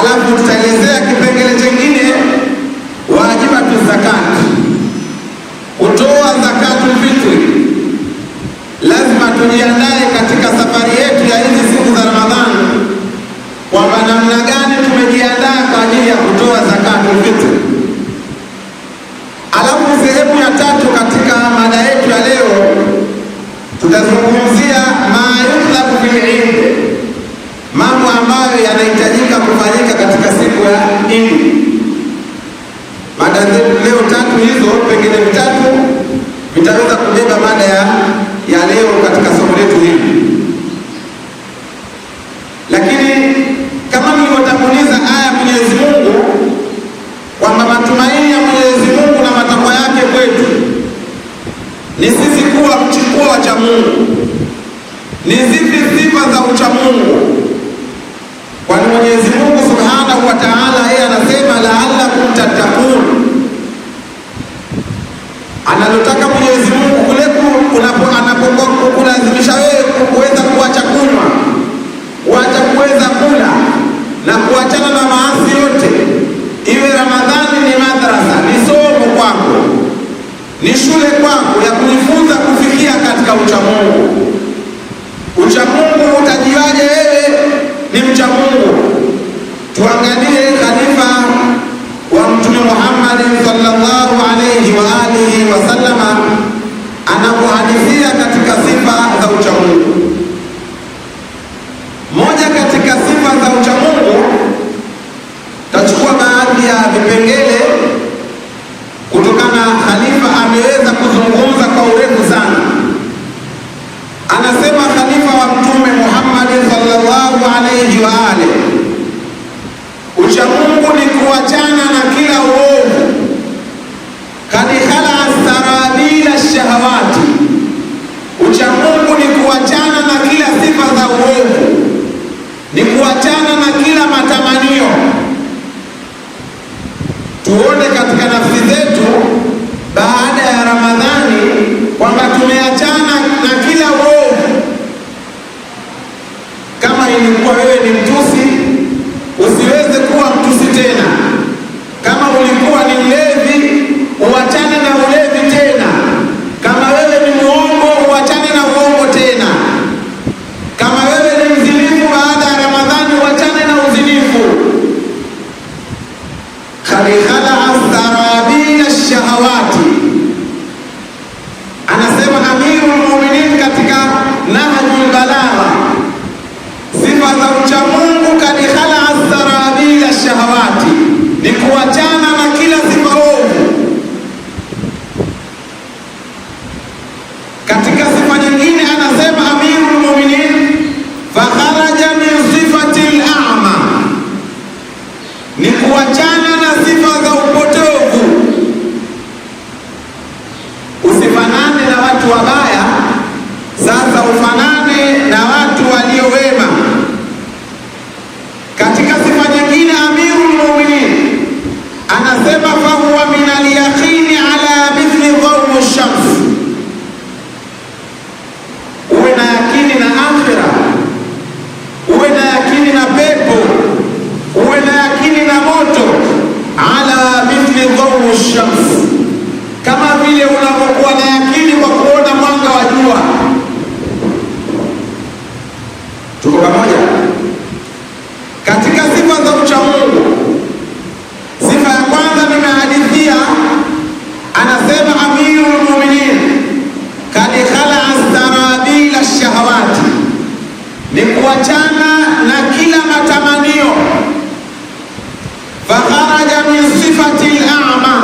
alafu utaelezea kipengele chengine, wajibatu zakati kutoa zakatu fitri. Lazima tujiandae katika safari yetu ya hizi siku za Ramadhani kwamba namna gani tumejiandaa kwa ajili ya kutoa zakatu fitri. Alafu sehemu ya tatu katika mada yetu ya leo tutazungumzia ma yuthlaku fil mambo ambayo yanahitajika kufanyika katika siku ya Idi. Mada leo tatu hizo, pengine vitatu vitaweza kubeba mada ya, ya leo katika somo letu hili, lakini kama nilivyotanguliza aya ya Mwenyezi Mungu kwamba matumaini ya Mwenyezi Mungu na matakwa yake kwetu ni sisi kuwa mchukua wa cha Mungu. Ni zipi sifa za ucha Mungu? ni shule kwangu ya kujifunza kufikia katika uchamungu. Uchamungu utajiwaje wewe ni mchamungu? Tuangalie khalifa wa Mtume Muhammad sallallahu alayhi wa alihi wasallam anapohadithia katika sifa za uchamungu. Moja katika sifa za uchamungu, tachukua baadhi ya vipengele maana Khalifa ameweza kuzungumza kwa urefu sana. Anasema Khalifa wa Mtume Muhammad sallallahu alayhi wa alihi, uchamungu ni kuachana sasa ufanane na watu walio wema. Katika sifa nyingine, Amirul Mu'minin anasema fahuwa minal kuachana na kila matamanio. Fakharaja min sifati al-a'ma,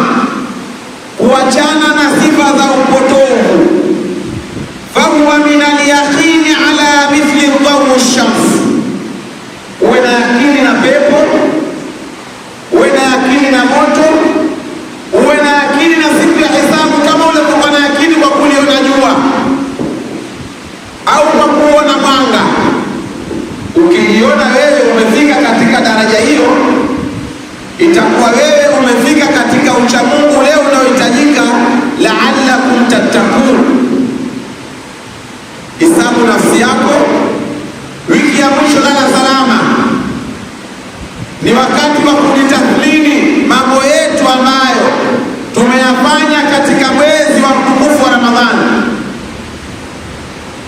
kuachana itakuwa wewe umefika katika uchamungu leo unaohitajika, laalakum tattakun Isabu nafsi yako, wiki ya mwisho lala salama. Ni wakati wa kujitathmini mambo yetu ambayo tumeyafanya katika mwezi wa mtukufu wa Ramadhani.